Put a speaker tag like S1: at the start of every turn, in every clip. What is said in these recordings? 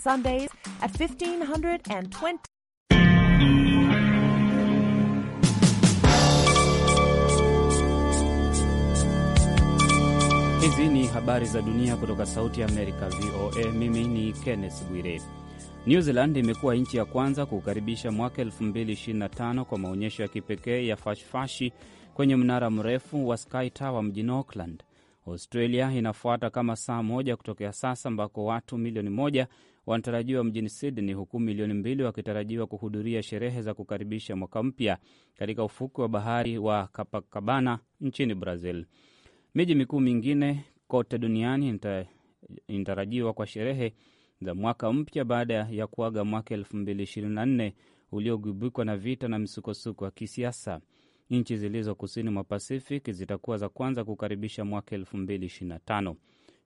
S1: Sundays at 1520.
S2: Hizi ni habari za dunia kutoka Sauti ya Amerika, VOA. Mimi ni Kenneth Bwire. New Zealand imekuwa nchi ya kwanza kukaribisha mwaka 2025 kwa maonyesho ya kipekee ya fashifashi kwenye mnara mrefu wa Sky Tower mjini Auckland. Australia inafuata kama saa moja kutokea sasa, ambako watu milioni moja wanatarajiwa mjini Sydney, huku milioni mbili wakitarajiwa kuhudhuria sherehe za kukaribisha mwaka mpya katika ufukwe wa bahari wa Copacabana nchini Brazil. Miji mikuu mingine kote duniani inatarajiwa kwa sherehe za mwaka mpya baada ya kuaga mwaka 2024 uliogubikwa na vita na misukosuko ya kisiasa. Nchi zilizo kusini mwa Pacific zitakuwa za kwanza kukaribisha mwaka 2025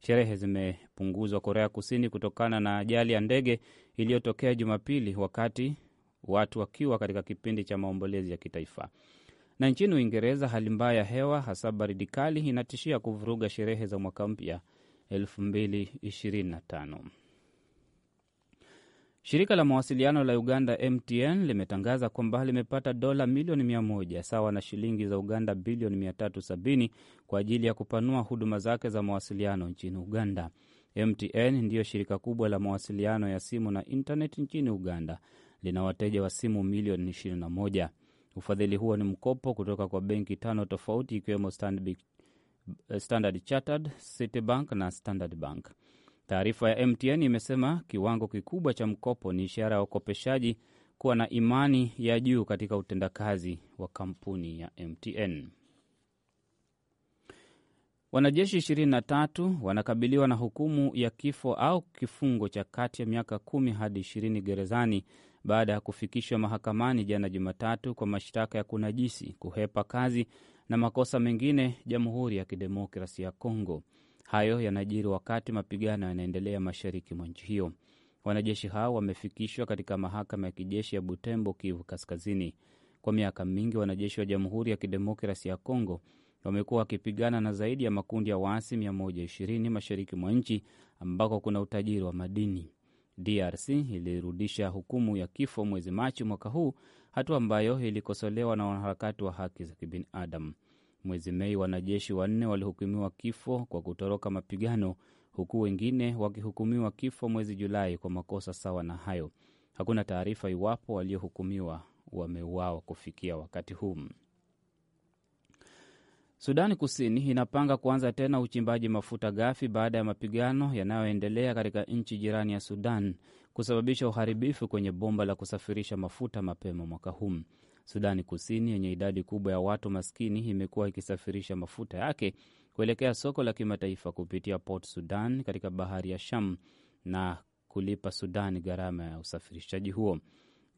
S2: sherehe zimepunguzwa Korea Kusini kutokana na ajali ya ndege iliyotokea Jumapili wakati watu wakiwa katika kipindi cha maombolezi ya kitaifa. Na nchini Uingereza, hali mbaya ya hewa hasa baridi kali inatishia kuvuruga sherehe za mwaka mpya 2025. Shirika la mawasiliano la Uganda MTN limetangaza kwamba limepata dola milioni 100 sawa na shilingi za Uganda bilioni 370 kwa ajili ya kupanua huduma zake za mawasiliano nchini Uganda. MTN ndiyo shirika kubwa la mawasiliano ya simu na intaneti nchini Uganda, lina wateja wa simu milioni 21. Ufadhili huo ni mkopo kutoka kwa benki tano tofauti ikiwemo Standard Chartered, Citibank na Standard Bank. Taarifa ya MTN imesema kiwango kikubwa cha mkopo ni ishara ya wakopeshaji kuwa na imani ya juu katika utendakazi wa kampuni ya MTN. Wanajeshi 23 wanakabiliwa na hukumu ya kifo au kifungo cha kati ya miaka kumi hadi ishirini gerezani baada ya kufikishwa mahakamani jana Jumatatu kwa mashtaka ya kunajisi, kuhepa kazi na makosa mengine, Jamhuri ya Kidemokrasi ya Kongo. Hayo yanajiri wakati mapigano yanaendelea mashariki mwa nchi hiyo. Wanajeshi hao wamefikishwa katika mahakama ya kijeshi ya Butembo, Kivu Kaskazini. Kwa miaka mingi, wanajeshi wa Jamhuri ya Kidemokrasi ya Kongo wamekuwa wakipigana na zaidi ya makundi ya waasi 120 mashariki mwa nchi ambako kuna utajiri wa madini. DRC ilirudisha hukumu ya kifo mwezi Machi mwaka huu, hatua ambayo ilikosolewa na wanaharakati wa haki za kibinadamu. Mwezi Mei, wanajeshi wanne walihukumiwa kifo kwa kutoroka mapigano, huku wengine wakihukumiwa kifo mwezi Julai kwa makosa sawa na hayo. Hakuna taarifa iwapo waliohukumiwa wameuawa kufikia wakati huu. Sudani Kusini inapanga kuanza tena uchimbaji mafuta ghafi baada ya mapigano yanayoendelea katika nchi jirani ya Sudan kusababisha uharibifu kwenye bomba la kusafirisha mafuta mapema mwaka huu. Sudani Kusini yenye idadi kubwa ya watu maskini imekuwa ikisafirisha mafuta yake kuelekea soko la kimataifa kupitia Port Sudan katika bahari ya Sham na kulipa Sudan gharama ya usafirishaji huo.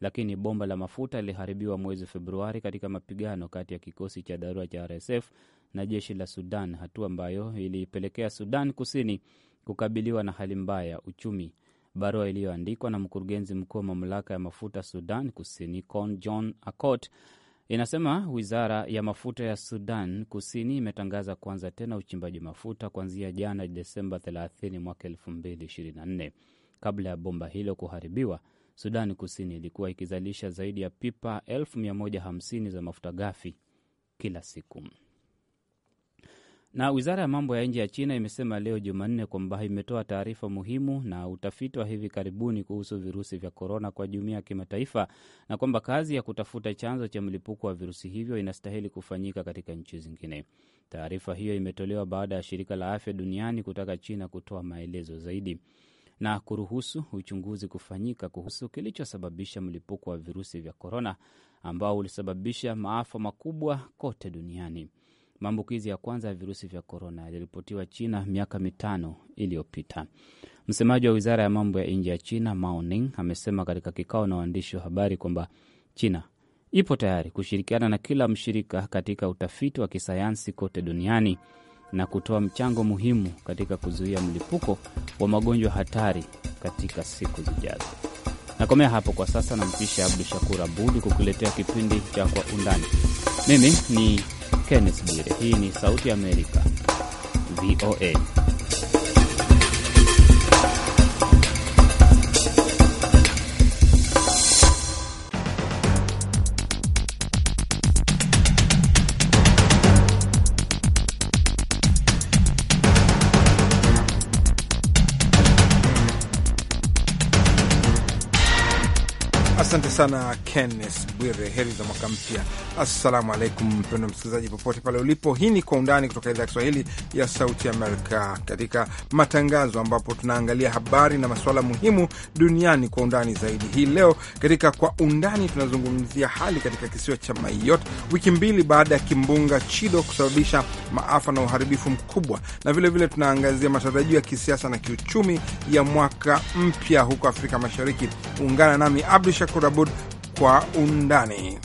S2: Lakini bomba la mafuta liliharibiwa mwezi Februari katika mapigano kati ya kikosi cha dharura cha RSF na jeshi la Sudan, hatua ambayo ilipelekea Sudan Kusini kukabiliwa na hali mbaya ya uchumi. Barua iliyoandikwa na mkurugenzi mkuu wa mamlaka ya mafuta Sudan Kusini Con John Acot inasema wizara ya mafuta ya Sudan Kusini imetangaza kuanza tena uchimbaji mafuta kuanzia jana Desemba 30 mwaka 2024. Kabla ya bomba hilo kuharibiwa, Sudani Kusini ilikuwa ikizalisha zaidi ya pipa 150 za mafuta ghafi kila siku. Na wizara ya mambo ya nje ya China imesema leo Jumanne kwamba imetoa taarifa muhimu na utafiti wa hivi karibuni kuhusu virusi vya korona kwa jumuiya ya kimataifa na kwamba kazi ya kutafuta chanzo cha mlipuko wa virusi hivyo inastahili kufanyika katika nchi zingine. Taarifa hiyo imetolewa baada ya shirika la afya duniani kutaka China kutoa maelezo zaidi na kuruhusu uchunguzi kufanyika kuhusu kilichosababisha mlipuko wa virusi vya korona ambao ulisababisha maafa makubwa kote duniani. Maambukizi ya kwanza ya virusi vya korona yaliripotiwa China miaka mitano iliyopita. Msemaji wa wizara ya mambo ya nje ya China Mao Ning amesema katika kikao na waandishi wa habari kwamba China ipo tayari kushirikiana na kila mshirika katika utafiti wa kisayansi kote duniani na kutoa mchango muhimu katika kuzuia mlipuko wa magonjwa hatari katika siku zijazo. Nakomea hapo kwa sasa, nampisha Abdu Shakur Abud kukuletea kipindi cha Kwa Undani. Mimi ni Kenneth Bwire. Hii ni Sauti ya Amerika, VOA.
S3: sana Kennes Bwire. Heri za mwaka mpya, assalamu alaikum mpendo msikilizaji popote pale ulipo. Hii ni Kwa Undani kutoka idhaa ya Kiswahili ya Sauti Amerika, katika matangazo ambapo tunaangalia habari na masuala muhimu duniani kwa undani zaidi. Hii leo katika Kwa Undani tunazungumzia hali katika kisiwa cha Mayotte, wiki mbili baada ya kimbunga Chido kusababisha maafa na uharibifu mkubwa, na vilevile vile tunaangazia matarajio ya kisiasa na kiuchumi ya mwaka mpya huko Afrika Mashariki. Ungana nami Abdu Shakur Abud kwa Undani.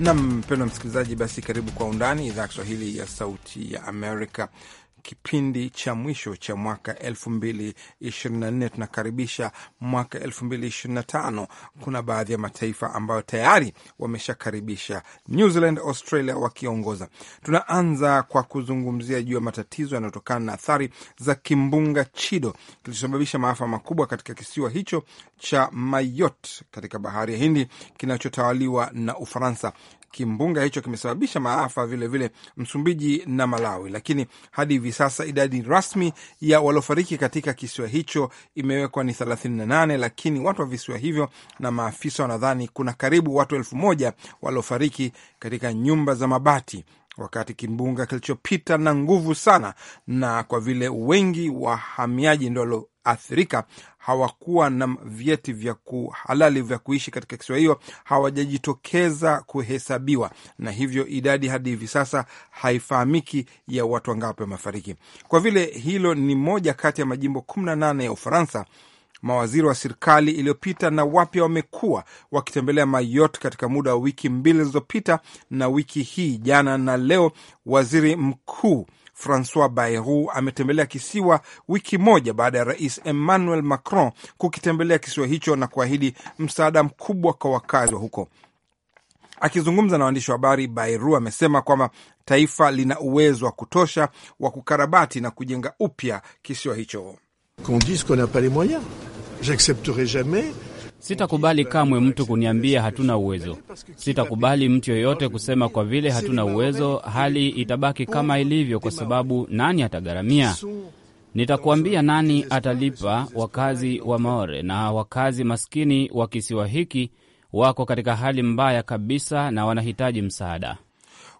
S3: Nam mpendwa msikilizaji, basi karibu Kwa Undani, idhaa ya Kiswahili ya Sauti ya Amerika kipindi cha mwisho cha mwaka elfu tunakaribisha mwaka elfu Kuna baadhi ya mataifa ambayo tayari wameshakaribisha, New Zealand, Australia wakiongoza. Tunaanza kwa kuzungumzia juu ya matatizo yanayotokana na athari za kimbunga Chido kilichosababisha maafa makubwa katika kisiwa hicho cha Mayotte katika bahari ya Hindi kinachotawaliwa na Ufaransa. Kimbunga hicho kimesababisha maafa vilevile vile Msumbiji na Malawi, lakini hadi hivi sasa idadi rasmi ya waliofariki katika kisiwa hicho imewekwa ni 38, lakini watu wa visiwa hivyo na maafisa wanadhani kuna karibu watu elfu moja waliofariki katika nyumba za mabati wakati kimbunga kilichopita na nguvu sana, na kwa vile wengi wahamiaji ndio walioathirika, hawakuwa na vyeti vya kuhalali vya kuishi katika kisiwa hiyo, hawajajitokeza kuhesabiwa, na hivyo idadi hadi hivi sasa haifahamiki ya watu wangapi wamefariki. Kwa vile hilo ni moja kati ya majimbo nane ya Ufaransa mawaziri wa serikali iliyopita na wapya wamekuwa wakitembelea Mayot katika muda wa wiki mbili zilizopita na wiki hii jana na leo. Waziri mkuu Francois Bayrou ametembelea kisiwa wiki moja baada ya rais Emmanuel Macron kukitembelea kisiwa hicho na kuahidi msaada mkubwa kwa wakazi wa huko. Akizungumza na waandishi wa habari, Bayrou amesema kwamba taifa lina uwezo wa kutosha wa kukarabati na kujenga upya kisiwa hicho
S2: j'accepterai jamais. Sitakubali kamwe mtu kuniambia hatuna uwezo. Sitakubali mtu yoyote kusema kwa vile hatuna uwezo, hali itabaki kama ilivyo, kwa sababu nani atagharamia? Nitakuambia nani atalipa. Wakazi wa Maore na wakazi maskini wa kisiwa hiki wako katika hali mbaya kabisa na wanahitaji msaada.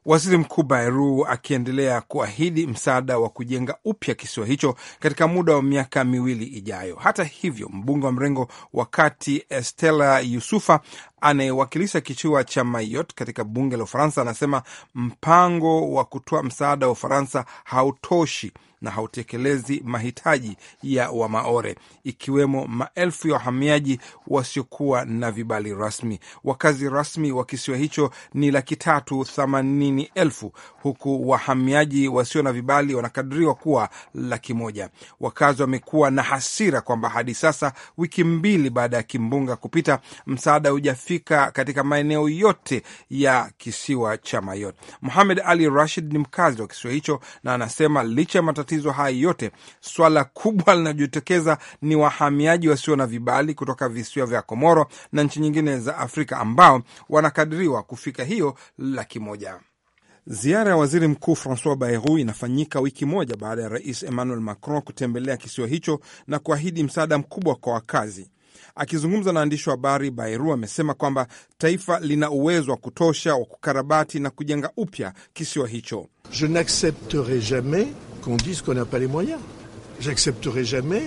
S3: Waziri Mkuu Bairu akiendelea kuahidi msaada wa kujenga upya kisiwa hicho katika muda wa miaka miwili ijayo. Hata hivyo, mbunge wa mrengo wa kati Estela Yusufa anayewakilisha kichua cha Mayot katika bunge la Ufaransa anasema mpango wa kutoa msaada wa Ufaransa hautoshi na hautekelezi mahitaji ya Wamaore, ikiwemo maelfu ya wahamiaji wasiokuwa na vibali rasmi. Wakazi rasmi wa kisiwa hicho ni laki tatu themanini elfu huku wahamiaji wasio na vibali wanakadiriwa kuwa laki moja. Wakazi wamekuwa na hasira kwamba hadi sasa, wiki mbili baada ya kimbunga kupita, msaada hujafika kufika katika maeneo yote ya kisiwa cha Mayotte. Muhamed Ali Rashid ni mkazi wa kisiwa hicho na anasema licha ya matatizo haya yote, swala kubwa linajitokeza ni wahamiaji wasio na vibali kutoka visiwa vya Komoro na nchi nyingine za Afrika ambao wanakadiriwa kufika hiyo laki moja. Ziara ya waziri mkuu Francois Bayrou inafanyika wiki moja baada ya rais Emmanuel Macron kutembelea kisiwa hicho na kuahidi msaada mkubwa kwa wakazi. Akizungumza na waandishi wa habari, Bairu amesema kwamba taifa lina uwezo wa kutosha wa kukarabati na kujenga upya kisiwa hicho. Je
S4: n'accepterai jamais qu'on dise qu'on n'a pas les moyens. J'accepterai jamais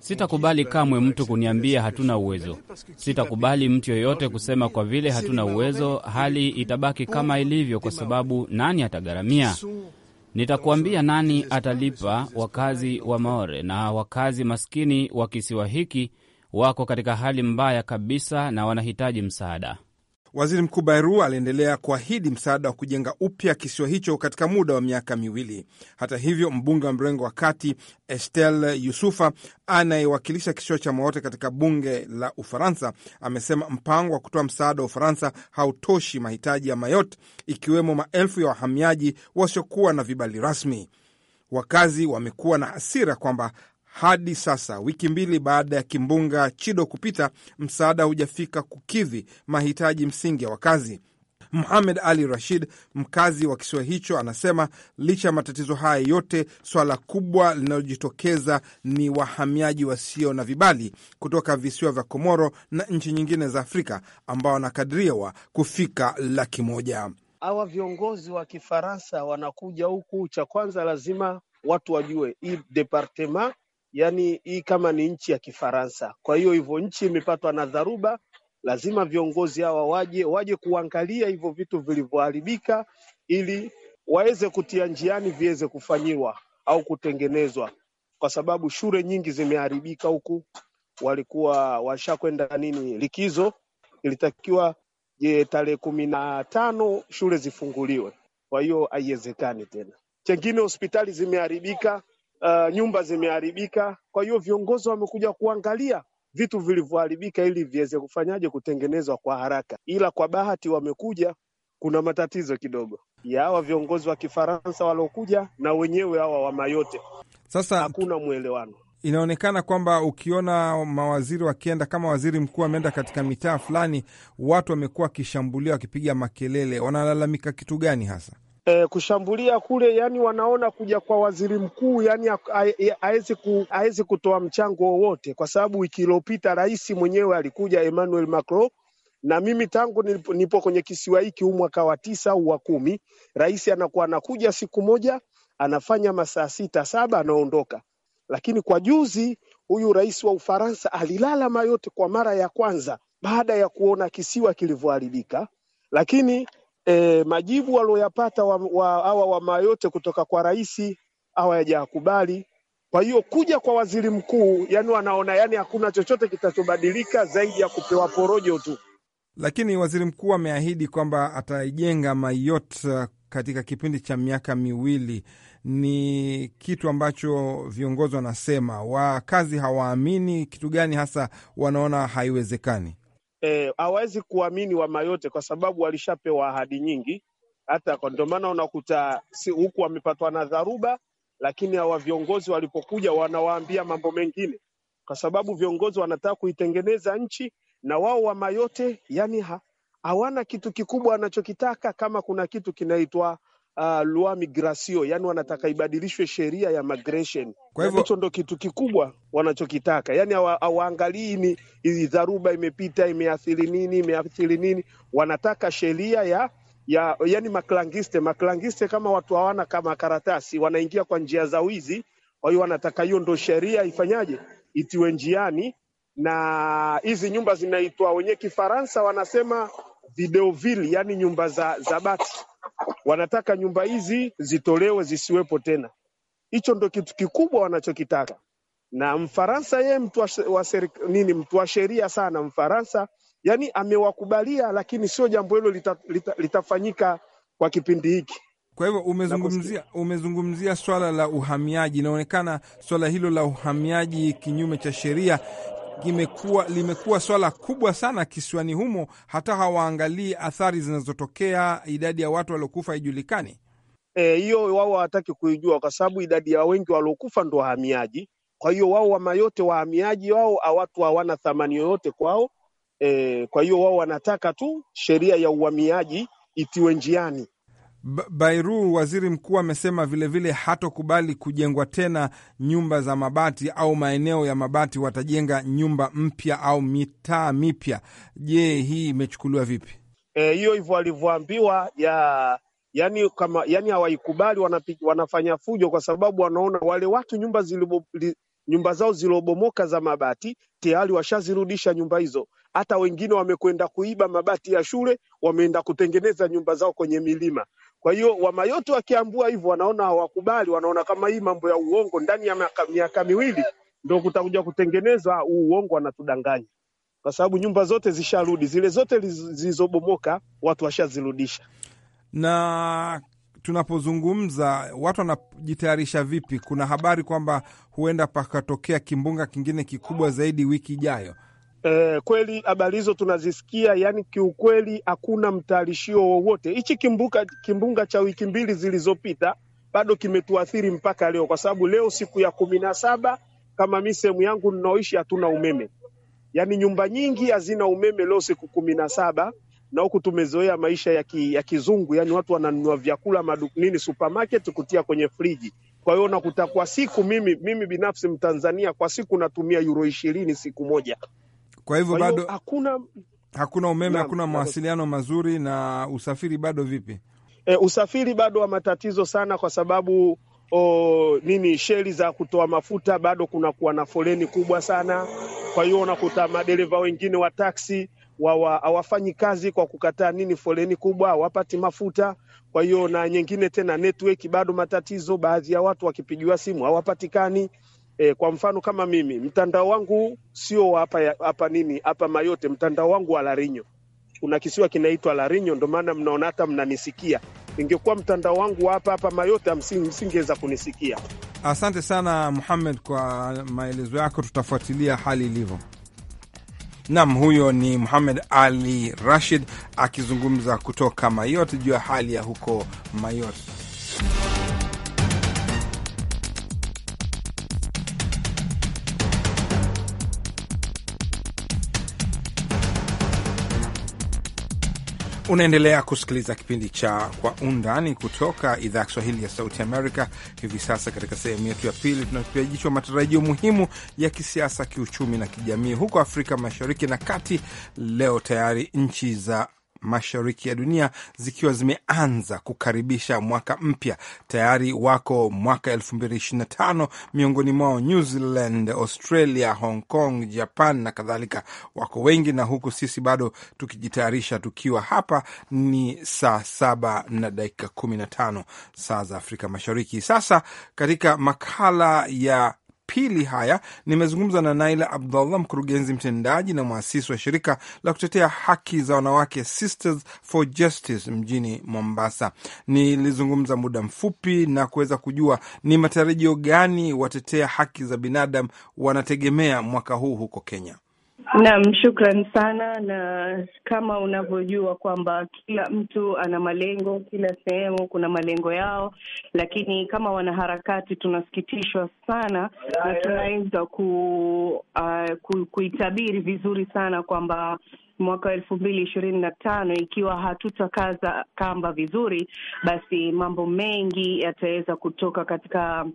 S2: Sitakubali kamwe mtu kuniambia hatuna uwezo. Sitakubali mtu yoyote kusema kwa vile hatuna uwezo hali itabaki kama ilivyo, kwa sababu nani atagharamia? Nitakuambia nani atalipa, wakazi wa Maore na wakazi maskini wa kisiwa hiki wako katika hali mbaya kabisa na wanahitaji msaada.
S3: Waziri Mkuu Bairu aliendelea kuahidi msaada wa kujenga upya kisiwa hicho katika muda wa miaka miwili. Hata hivyo, mbunge wa mrengo wa kati Estel Yusufa anayewakilisha kisiwa cha Mayotte katika bunge la Ufaransa amesema mpango wa kutoa msaada wa Ufaransa hautoshi mahitaji ya Mayotte, ikiwemo maelfu ya wahamiaji wasiokuwa na vibali rasmi. Wakazi wamekuwa na hasira kwamba hadi sasa, wiki mbili baada ya kimbunga Chido kupita, msaada hujafika kukidhi mahitaji msingi ya wakazi. Muhamed Ali Rashid, mkazi wa kisiwa hicho, anasema licha ya matatizo haya yote, swala kubwa linalojitokeza ni wahamiaji wasio na vibali kutoka visiwa vya Komoro na nchi nyingine za Afrika ambao wanakadiriwa kufika laki moja.
S4: Hawa viongozi wa Kifaransa wanakuja huku, cha kwanza lazima watu wajue hii departema yani hii kama ni nchi ya Kifaransa. Kwa hiyo hivyo nchi imepatwa na dharuba, lazima viongozi hawa waje waje kuangalia hivyo vitu vilivyoharibika, ili waweze kutia njiani viweze kufanyiwa au kutengenezwa, kwa sababu shule nyingi zimeharibika huku, walikuwa washakwenda nini likizo. Ilitakiwa je, tarehe kumi na tano shule zifunguliwe, kwa hiyo haiwezekani tena. Chengine hospitali zimeharibika uh, nyumba zimeharibika. Kwa hiyo viongozi wamekuja kuangalia vitu vilivyoharibika ili viweze kufanyaje kutengenezwa kwa haraka, ila kwa bahati wamekuja, kuna matatizo kidogo ya hawa viongozi wa Kifaransa waliokuja na wenyewe hawa wa Mayote. Sasa hakuna mwelewano.
S3: Inaonekana kwamba ukiona mawaziri wakienda, kama waziri mkuu ameenda katika mitaa fulani, watu wamekuwa wakishambulia, wakipiga makelele. Wanalalamika kitu gani hasa?
S4: e, kushambulia kule, yani wanaona kuja kwa waziri mkuu yani hawezi kutoa mchango wowote, kwa sababu wiki iliyopita rais mwenyewe alikuja Emmanuel Macron na mimi tangu nipo, nipo kwenye kisiwa hiki huu mwaka wa tisa au wa kumi, rais anakuwa anakuja siku moja anafanya masaa sita saba anaondoka. Lakini kwa juzi huyu rais wa Ufaransa alilala mayote kwa mara ya kwanza baada ya kuona kisiwa kilivyoharibika, lakini e, majibu walioyapata hawa wa wa kutoka kwa rais hawayajakubali. Kwa hiyo kuja kwa waziri mkuu, yani wanaona yani hakuna chochote kitachobadilika zaidi ya kupewa porojo tu.
S3: Lakini waziri mkuu ameahidi kwamba ataijenga Mayot katika kipindi cha miaka miwili. Ni kitu ambacho viongozi wanasema, wakazi hawaamini. Kitu gani hasa wanaona haiwezekani?
S4: hawawezi eh, kuamini wama yote kwa sababu walishapewa ahadi nyingi. Hata ndio maana unakuta si huku wamepatwa na dharuba, lakini hawa viongozi walipokuja wanawaambia mambo mengine, kwa sababu viongozi wanataka kuitengeneza nchi na wao wama yote, yani hawana kitu kikubwa wanachokitaka. Kama kuna kitu kinaitwa uh, loi migratio, yani wanataka ibadilishwe sheria ya migration. Kwa hivyo hicho ndo kitu kikubwa wanachokitaka, yani hawaangalii ni hii dharuba imepita imeathiri nini, imeathiri nini, wanataka sheria ya ya yani maklangiste maklangiste, kama watu hawana kama karatasi, wanaingia kwa njia za wizi. Kwa hiyo wanataka hiyo ndo sheria ifanyaje, itiwe njiani, na hizi nyumba zinaitwa wenye Kifaransa wanasema videoville, yani nyumba za, za bati Wanataka nyumba hizi zitolewe zisiwepo tena. Hicho ndo kitu kikubwa wanachokitaka. Na Mfaransa yeye mtu wa nini, mtu wa sheria sana Mfaransa, yani amewakubalia, lakini sio jambo hilo lita, lita, litafanyika kwa kipindi hiki. Kwa hivyo umezungumzia,
S3: umezungumzia swala la uhamiaji. Inaonekana swala hilo la uhamiaji kinyume cha sheria imekuwa limekuwa swala kubwa sana kisiwani humo, hata hawaangalii athari zinazotokea. Idadi ya watu waliokufa haijulikani
S4: e, hiyo, e, wao hawataki kuijua kwa sababu idadi ya wengi waliokufa ndo wahamiaji. Kwa hiyo wao wama yote wahamiaji wao watu hawana thamani yoyote kwao. E, kwa hiyo wao wanataka tu sheria ya uhamiaji itiwe njiani
S3: Bairu, waziri mkuu amesema vilevile hatokubali kujengwa tena nyumba za mabati au maeneo ya mabati, watajenga nyumba mpya au mitaa mipya. Je, hii imechukuliwa vipi?
S4: E, hiyo e, hivyo walivyoambiwa ya yani kama yani hawaikubali, wanafanya fujo kwa sababu wanaona wale watu nyumba zilibo, li, nyumba zao zilobomoka za mabati tayari washazirudisha nyumba hizo. Hata wengine wamekwenda kuiba mabati ya shule, wameenda kutengeneza nyumba zao kwenye milima. Kwa hiyo Wamayote wakiambua hivyo, wanaona hawakubali, wanaona kama hii mambo ya uongo ndani ya miaka miwili ndo kutakuja kutengenezwa huu uongo, wanatudanganya kwa sababu nyumba zote zisharudi, zile zote zilizobomoka watu washazirudisha.
S3: Na tunapozungumza watu wanajitayarisha vipi? Kuna habari kwamba huenda pakatokea kimbunga kingine kikubwa zaidi wiki ijayo.
S4: E, kweli habari hizo tunazisikia, yani kiukweli hakuna mtaarishio wowote. Hichi kimbunga cha wiki mbili zilizopita bado kimetuathiri mpaka leo, kwa sababu leo siku ya kumi na saba kama mi sehemu yangu ninaoishi hatuna umeme, yani nyumba nyingi hazina umeme leo siku kumi na saba na huku tumezoea maisha ya, ki, ya kizungu, yani watu wananunua vyakula madu, nini supermarket kutia kwenye friji. Kwa hiyo unakuta kwa siku mimi, mimi binafsi Mtanzania kwa siku natumia euro ishirini siku moja
S3: kwa hivyo bado hakuna hakuna umeme na, hakuna mawasiliano
S4: mazuri na usafiri bado vipi? E, usafiri bado wa matatizo sana kwa sababu o, nini sheli za kutoa mafuta bado kuna kuwa na foleni kubwa sana. Kwa hiyo unakuta madereva wengine wa taksi hawafanyi kazi kwa kukataa nini foleni kubwa, hawapati mafuta. Kwa hiyo na nyingine tena network bado matatizo, baadhi ya watu wakipigiwa simu hawapatikani. E, kwa mfano kama mimi mtandao wangu sio hapa hapa nini hapa Mayote, mtandao wangu wa Larinyo kuna kisiwa kinaitwa Larinyo, ndio maana mnaona hata mnanisikia. Ingekuwa mtandao wangu hapa hapa Mayote msingeweza kunisikia.
S3: Asante sana Muhammad kwa maelezo yako, tutafuatilia hali ilivyo. Nam, huyo ni Muhamed Ali Rashid akizungumza kutoka Mayote juu ya hali ya huko Mayote. Unaendelea kusikiliza kipindi cha Kwa Undani kutoka idhaa ya Kiswahili ya Sauti Amerika. Hivi sasa katika sehemu yetu ya pili, tunatupia jicho matarajio muhimu ya kisiasa, kiuchumi na kijamii huko Afrika Mashariki na Kati. Leo tayari nchi za mashariki ya dunia zikiwa zimeanza kukaribisha mwaka mpya tayari wako mwaka 2025 miongoni mwao New Zealand, Australia, Hong Kong, Japan na kadhalika, wako wengi, na huku sisi bado tukijitayarisha tukiwa hapa. Ni saa saba na dakika 15 saa za Afrika Mashariki. Sasa katika makala ya pili haya nimezungumza na Naila Abdullah, mkurugenzi mtendaji na mwasisi wa shirika la kutetea haki za wanawake Sisters for Justice mjini Mombasa. Nilizungumza muda mfupi na kuweza kujua ni matarajio gani watetea haki za binadamu wanategemea mwaka huu huko Kenya.
S1: Naam, shukran sana. Na kama unavyojua kwamba kila mtu ana malengo, kila sehemu kuna malengo yao, lakini kama wanaharakati tunasikitishwa sana na tunaweza ku, uh, ku, kuitabiri vizuri sana kwamba mwaka wa elfu mbili ishirini na tano ikiwa hatutakaza kamba vizuri, basi mambo mengi yataweza kutoka katika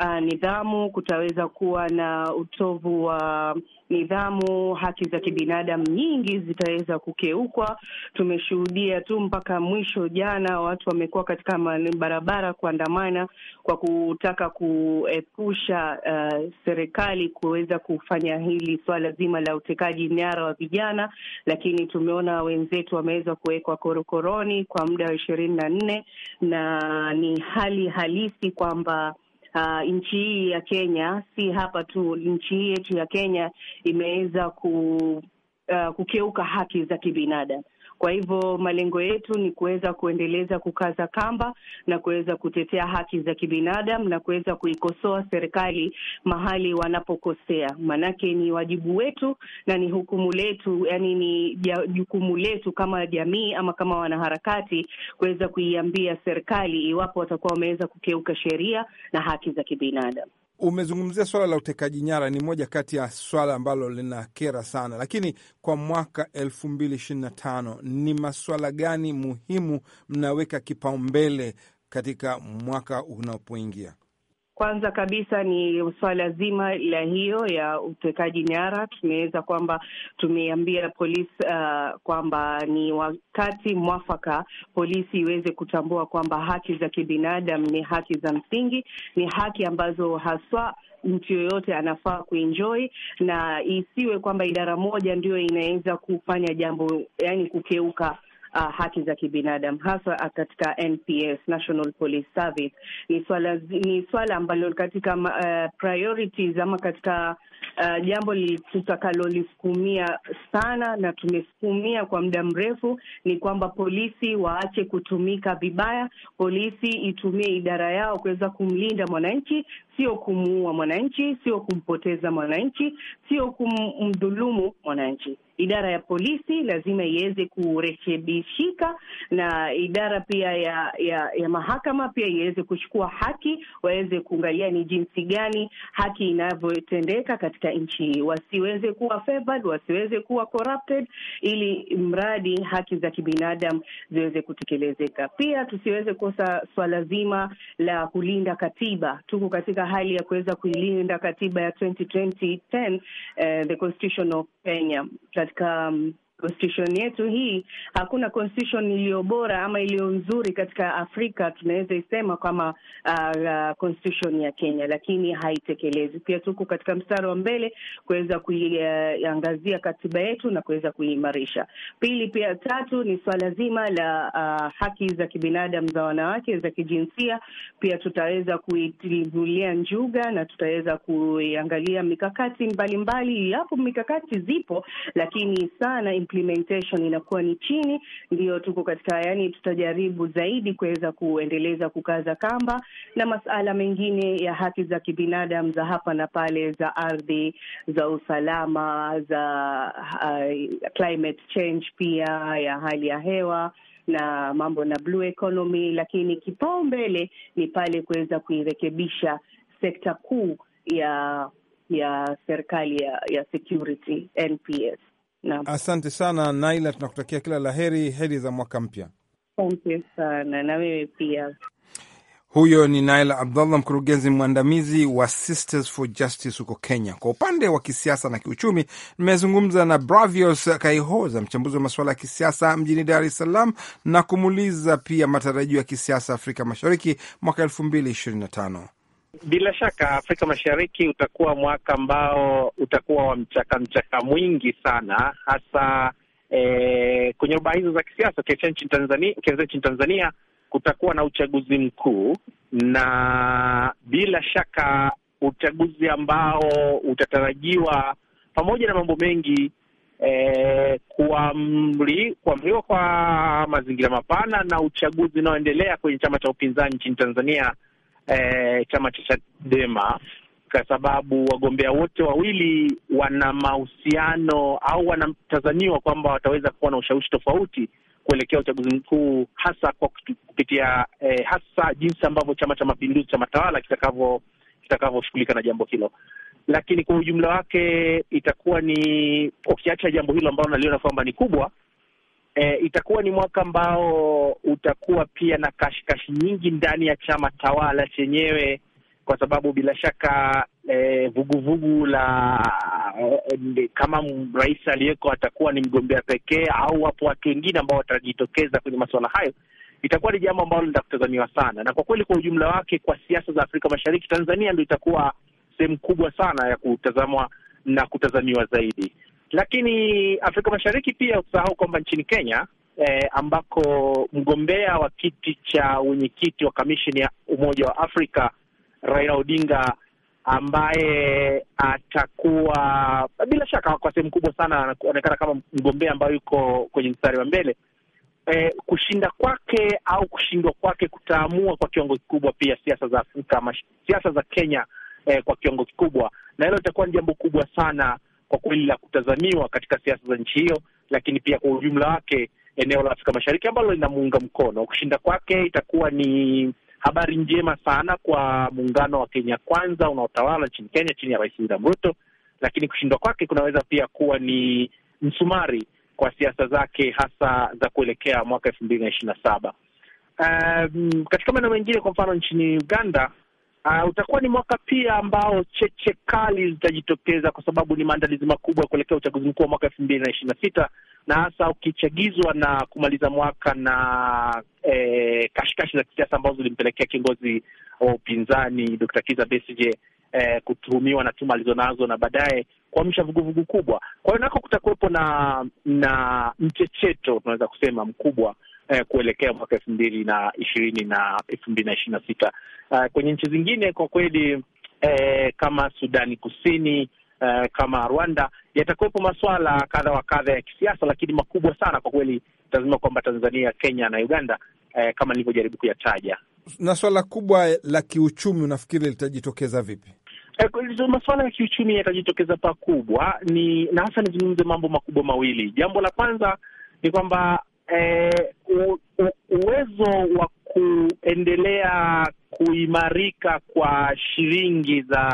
S1: uh, nidhamu, kutaweza kuwa na utovu wa nidhamu, haki za kibinadamu nyingi zitaweza kukeukwa. Tumeshuhudia tu mpaka mwisho jana, watu wamekuwa katika barabara kuandamana kwa kutaka kuepusha uh, serikali kuweza kufanya hili swala zima la utekaji nyara wa vijana, lakini tumeona wenzetu wameweza kuwekwa korokoroni kwa muda wa ishirini na nne na ni hali halisi kwamba uh, nchi hii ya Kenya si hapa tu, nchi hii yetu ya Kenya imeweza ku, uh, kukeuka haki za kibinadamu. Kwa hivyo malengo yetu ni kuweza kuendeleza kukaza kamba na kuweza kutetea haki za kibinadamu na kuweza kuikosoa serikali mahali wanapokosea, maanake ni wajibu wetu na ni hukumu letu, yani ni jukumu letu kama jamii ama kama wanaharakati kuweza kuiambia serikali iwapo watakuwa wameweza kukeuka sheria na haki za kibinadamu.
S3: Umezungumzia swala la utekaji nyara, ni moja kati ya swala ambalo linakera sana, lakini kwa mwaka elfu mbili na tano ni maswala gani muhimu mnaweka kipaumbele katika mwaka unapoingia?
S1: Kwanza kabisa ni swala zima la hiyo ya utekaji nyara. Tumeweza kwamba tumeambia polisi uh, kwamba ni wakati mwafaka polisi iweze kutambua kwamba haki za kibinadamu ni haki za msingi, ni haki ambazo haswa mtu yoyote anafaa kuenjoy na isiwe kwamba idara moja ndio inaweza kufanya jambo, yani kukeuka uh, haki za kibinadamu haswa uh, katika NPS, National Police Service. Ni swala ni swala ambalo katika uh, priorities ama katika uh, jambo tutakalolifukumia sana na tumesukumia kwa muda mrefu ni kwamba polisi waache kutumika vibaya, polisi itumie idara yao kuweza kumlinda mwananchi sio kumuua mwananchi, sio kumpoteza mwananchi, sio kumdhulumu mwananchi. Idara ya polisi lazima iweze kurekebishika na idara pia ya, ya, ya mahakama pia iweze kuchukua haki, waweze kuangalia ni jinsi gani haki inavyotendeka katika nchi, hii wasiweze kuwa favored, wasiweze kuwa corrupted, ili mradi haki za kibinadamu ziweze kutekelezeka. Pia tusiweze kukosa swala zima la kulinda katiba. Tuko katika hali ya kuweza kuilinda katiba ya 2020, 10, uh, the constitution of Kenya katika um, constitution yetu hii, hakuna constitution iliyo bora ama iliyo nzuri katika Afrika, tunaweza isema kama uh, uh, constitution ya Kenya, lakini haitekelezi. Pia tuko katika mstari wa mbele kuweza kuiangazia uh, katiba yetu na kuweza kuiimarisha. Pili pia tatu ni swala zima la uh, haki za kibinadamu za wanawake za kijinsia, pia tutaweza kuitilivulia njuga na tutaweza kuiangalia mikakati mbalimbali, yapo mikakati zipo, lakini sana implementation inakuwa ni chini, ndiyo tuko katika yani, tutajaribu zaidi kuweza kuendeleza kukaza kamba na masuala mengine ya haki za kibinadamu za hapa na pale, za ardhi, za usalama, za uh, climate change pia ya hali ya hewa na mambo na blue economy, lakini kipaumbele ni pale kuweza kuirekebisha sekta kuu ya ya serikali ya, ya security NPS. No.
S3: Asante sana Naila, tunakutakia kila la heri, heri za mwaka mpya.
S1: Asante sana na pia.
S3: Huyo ni Naila Abdallah, mkurugenzi mwandamizi wa Sisters for Justice huko Kenya. Kwa upande wa kisiasa na kiuchumi, nimezungumza na Bravios Kaihoza, mchambuzi wa masuala ya kisiasa mjini Dar es Salaam, na kumuuliza pia matarajio ya kisiasa Afrika Mashariki mwaka elfu mbili ishirini na tano.
S5: Bila shaka Afrika Mashariki utakuwa mwaka ambao utakuwa wa mchaka mchaka mwingi sana, hasa e, kwenye rubaa hizo za kisiasa. Ukianzia nchini Tanzania, Tanzania kutakuwa na uchaguzi mkuu, na bila shaka uchaguzi ambao utatarajiwa pamoja na mambo mengi Eh, kuamriwa kwa mazingira mapana na uchaguzi unaoendelea kwenye chama cha upinzani nchini Tanzania eh, chama cha Chadema kwa sababu wagombea wote wawili wana mahusiano au wanatazaniwa kwamba wataweza kuwa na ushawishi tofauti kuelekea uchaguzi mkuu, hasa kwa kupitia eh, hasa jinsi ambavyo Chama cha Mapinduzi, chama tawala, kitakavyo kitakavyoshughulika na jambo hilo. Lakini kwa ujumla wake itakuwa ni ukiacha jambo hilo ambalo naliona kwamba ni kubwa e, itakuwa ni mwaka ambao utakuwa pia na kashikashi nyingi ndani ya chama tawala chenyewe, kwa sababu bila shaka eh, vuguvugu e, vugu la e, kama rais aliyeko atakuwa ni mgombea pekee au wapo watu wengine ambao watajitokeza kwenye masuala hayo, itakuwa ni jambo ambalo litakutazamiwa sana, na kwa kweli, kwa ujumla wake, kwa siasa za Afrika Mashariki, Tanzania ndo itakuwa sehemu kubwa sana ya kutazamwa na kutazamiwa zaidi. Lakini Afrika Mashariki pia usahau kwamba nchini Kenya eh, ambako mgombea wa kiti cha wenyekiti wa kamishini ya Umoja wa Afrika Raila Odinga ambaye atakuwa bila shaka kwa sehemu kubwa sana anaonekana kama mgombea ambayo yuko kwenye mstari wa mbele. E, kushinda kwake au kushindwa kwake kutaamua kwa kiwango kikubwa pia siasa za Afrika, siasa za Kenya e, kwa kiwango kikubwa, na hilo litakuwa ni jambo kubwa sana kwa kweli la kutazamiwa katika siasa za nchi hiyo, lakini pia kwa ujumla wake eneo la Afrika Mashariki ambalo linamuunga mkono. Kushinda kwake itakuwa ni habari njema sana kwa muungano wa Kenya Kwanza unaotawala nchini Kenya chini ya Rais William Ruto, lakini kushindwa kwake kunaweza pia kuwa ni msumari kwa siasa zake hasa za kuelekea mwaka elfu mbili na ishirini na saba. Um, katika maeneo mengine, kwa mfano nchini Uganda, Uh, utakuwa ni mwaka pia ambao cheche kali zitajitokeza kwa sababu ni maandalizi makubwa ya kuelekea uchaguzi mkuu wa mwaka elfu mbili na ishirini na sita na hasa ukichagizwa na kumaliza mwaka na eh, kashikashi za kisiasa ambazo zilimpelekea kiongozi wa upinzani Dkt. Kiza Besije eh, kutuhumiwa na tuma alizonazo na baadaye kuamsha vuguvugu kubwa. Kwa hiyo nako kutakuwepo na na mchecheto tunaweza kusema mkubwa eh, kuelekea mwaka elfu mbili na ishirini na elfu mbili na ishirini na sita eh, kwenye nchi zingine kwa kweli eh, kama Sudani Kusini Uh, kama Rwanda yatakuwepo masuala kadha wa kadha ya kisiasa, lakini makubwa sana kwa kweli tazima kwamba Tanzania, Kenya na Uganda uh, kama nilivyojaribu kuyataja.
S3: Na swala kubwa la kiuchumi unafikiri
S5: litajitokeza vipi? Eh, masuala ya kiuchumi yatajitokeza pakubwa, ni na hasa nizungumze mambo makubwa mawili. Jambo la kwanza ni kwamba eh, uwezo wa kuendelea kuimarika kwa shilingi za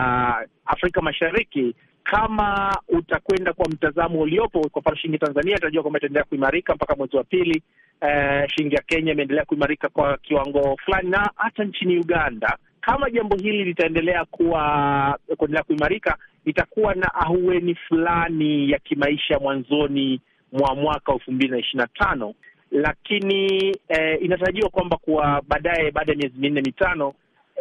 S5: Afrika Mashariki kama utakwenda kwa mtazamo uliopo, kwa mfano shilingi Tanzania tunajua kwamba itaendelea kuimarika mpaka mwezi wa pili. Uh, shilingi ya Kenya imeendelea kuimarika kwa kiwango fulani, na hata nchini Uganda kama jambo hili litaendelea kuwa kuendelea kuimarika, itakuwa na ahueni fulani ya kimaisha mwanzoni mwa mwaka elfu mbili na ishirini na tano lakini eh, inatarajiwa kwamba kuwa baadaye baada ya miezi minne mitano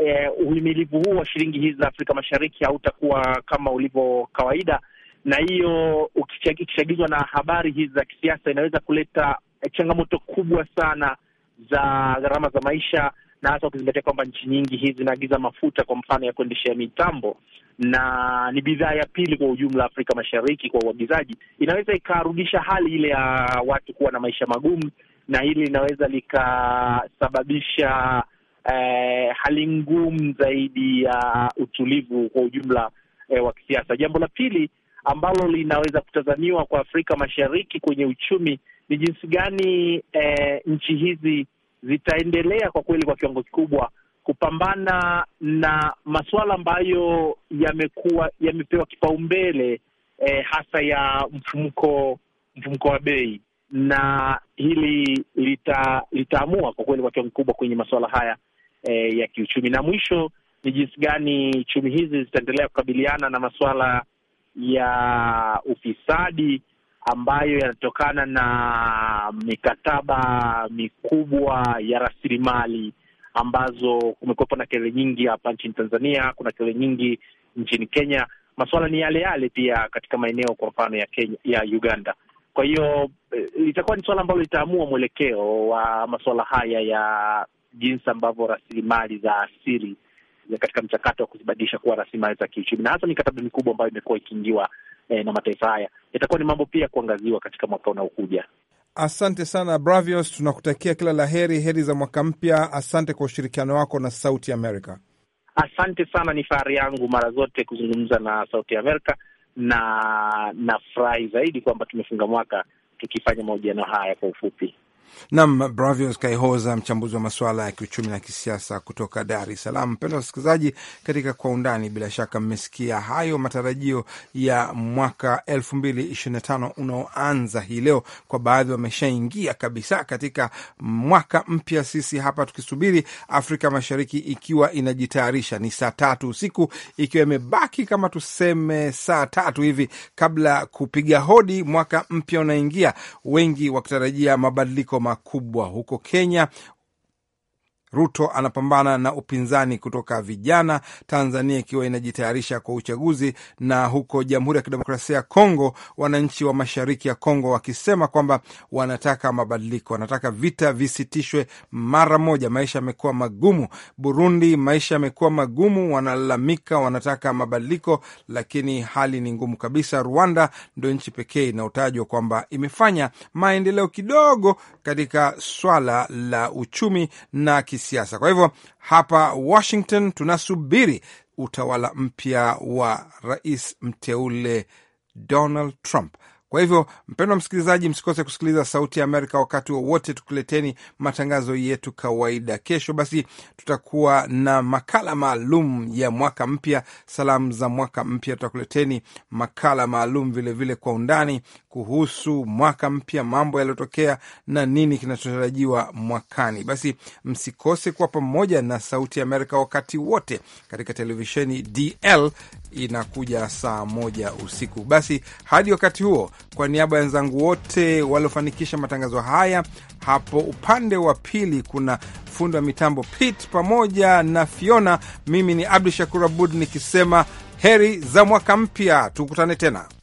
S5: eh, uhimilivu huu wa shilingi hizi za Afrika Mashariki hautakuwa kama ulivyo kawaida, na hiyo ikichagizwa na habari hizi za kisiasa inaweza kuleta eh, changamoto kubwa sana za gharama za maisha na hasa ukizingatia kwamba nchi nyingi hizi zinaagiza mafuta kwa mfano ya kuendeshea mitambo, na ni bidhaa ya pili kwa ujumla Afrika Mashariki kwa uagizaji, inaweza ikarudisha hali ile ya watu kuwa na maisha magumu, na hili linaweza likasababisha eh, hali ngumu zaidi ya uh, utulivu kwa ujumla eh, wa kisiasa. Jambo la pili ambalo linaweza kutazamiwa kwa Afrika Mashariki kwenye uchumi ni jinsi gani eh, nchi hizi zitaendelea kwa kweli kwa kiwango kikubwa kupambana na masuala ambayo yamekuwa yamepewa kipaumbele eh, hasa ya mfumko mfumko wa bei, na hili lita, litaamua kwa kweli kwa kiwango kikubwa kwenye masuala haya eh, ya kiuchumi. Na mwisho ni jinsi gani chumi hizi zitaendelea kukabiliana na masuala ya ufisadi ambayo yanatokana na mikataba mikubwa ya rasilimali ambazo kumekuwepo na kelele nyingi hapa nchini Tanzania, kuna kelele nyingi nchini Kenya. Masuala ni yale yale pia katika maeneo kwa mfano ya Kenya, ya Uganda. Kwa hiyo litakuwa eh, ni suala ambalo litaamua mwelekeo wa masuala haya ya jinsi ambavyo rasilimali za asili katika mchakato wa kuzibadilisha kuwa rasilimali za kiuchumi, na hasa mikataba mikubwa ambayo imekuwa ikiingiwa eh, na mataifa haya. Itakuwa ni mambo pia kuangaziwa katika mwaka unaokuja.
S3: Asante sana Bravios, tunakutakia kila la heri, heri za mwaka mpya. Asante kwa ushirikiano wako na Sauti Amerika.
S5: Asante sana, ni fahari yangu mara zote kuzungumza na Sauti Amerika na nafurahi zaidi kwamba tumefunga mwaka tukifanya mahojiano haya kwa ufupi.
S3: Nam Bravios Kaihoza, mchambuzi wa masuala ya kiuchumi na kisiasa kutoka Dar es Salaam. Mpendwa wasikilizaji, katika Kwa Undani bila shaka mmesikia hayo matarajio ya mwaka elfu mbili ishirini na tano unaoanza hii leo. Kwa baadhi wameshaingia kabisa katika mwaka mpya, sisi hapa tukisubiri Afrika Mashariki ikiwa inajitayarisha. Ni saa tatu usiku ikiwa imebaki kama tuseme saa tatu hivi kabla kupiga hodi, mwaka mpya unaingia, wengi wakitarajia mabadiliko makubwa huko Kenya Ruto anapambana na upinzani kutoka vijana, Tanzania ikiwa inajitayarisha kwa uchaguzi, na huko Jamhuri ya Kidemokrasia ya Kongo wananchi wa mashariki ya Kongo wakisema kwamba wanataka mabadiliko, wanataka vita visitishwe mara moja. Maisha yamekuwa magumu Burundi, maisha yamekuwa magumu, wanalalamika, wanataka mabadiliko, lakini hali ni ngumu kabisa. Rwanda ndio nchi pekee inayotajwa kwamba imefanya maendeleo kidogo katika swala la uchumi na kisi kisiasa. Kwa hivyo hapa Washington tunasubiri utawala mpya wa rais mteule Donald Trump. Kwa hivyo, mpendwa msikilizaji, msikose kusikiliza Sauti ya Amerika wakati wowote tukuleteni matangazo yetu kawaida. Kesho basi tutakuwa na makala maalum ya mwaka mpya, salamu za mwaka mpya. Tutakuleteni makala maalum vilevile kwa undani kuhusu mwaka mpya, mambo yaliyotokea na nini kinachotarajiwa mwakani. Basi msikose kuwa pamoja na Sauti ya Amerika wakati wote katika televisheni DL inakuja saa moja usiku. Basi hadi wakati huo, kwa niaba ya wenzangu wote waliofanikisha matangazo haya, hapo upande wa pili kuna fundi wa mitambo Pit pamoja na Fiona, mimi ni Abdu Shakur Abud nikisema heri za mwaka mpya, tukutane tena.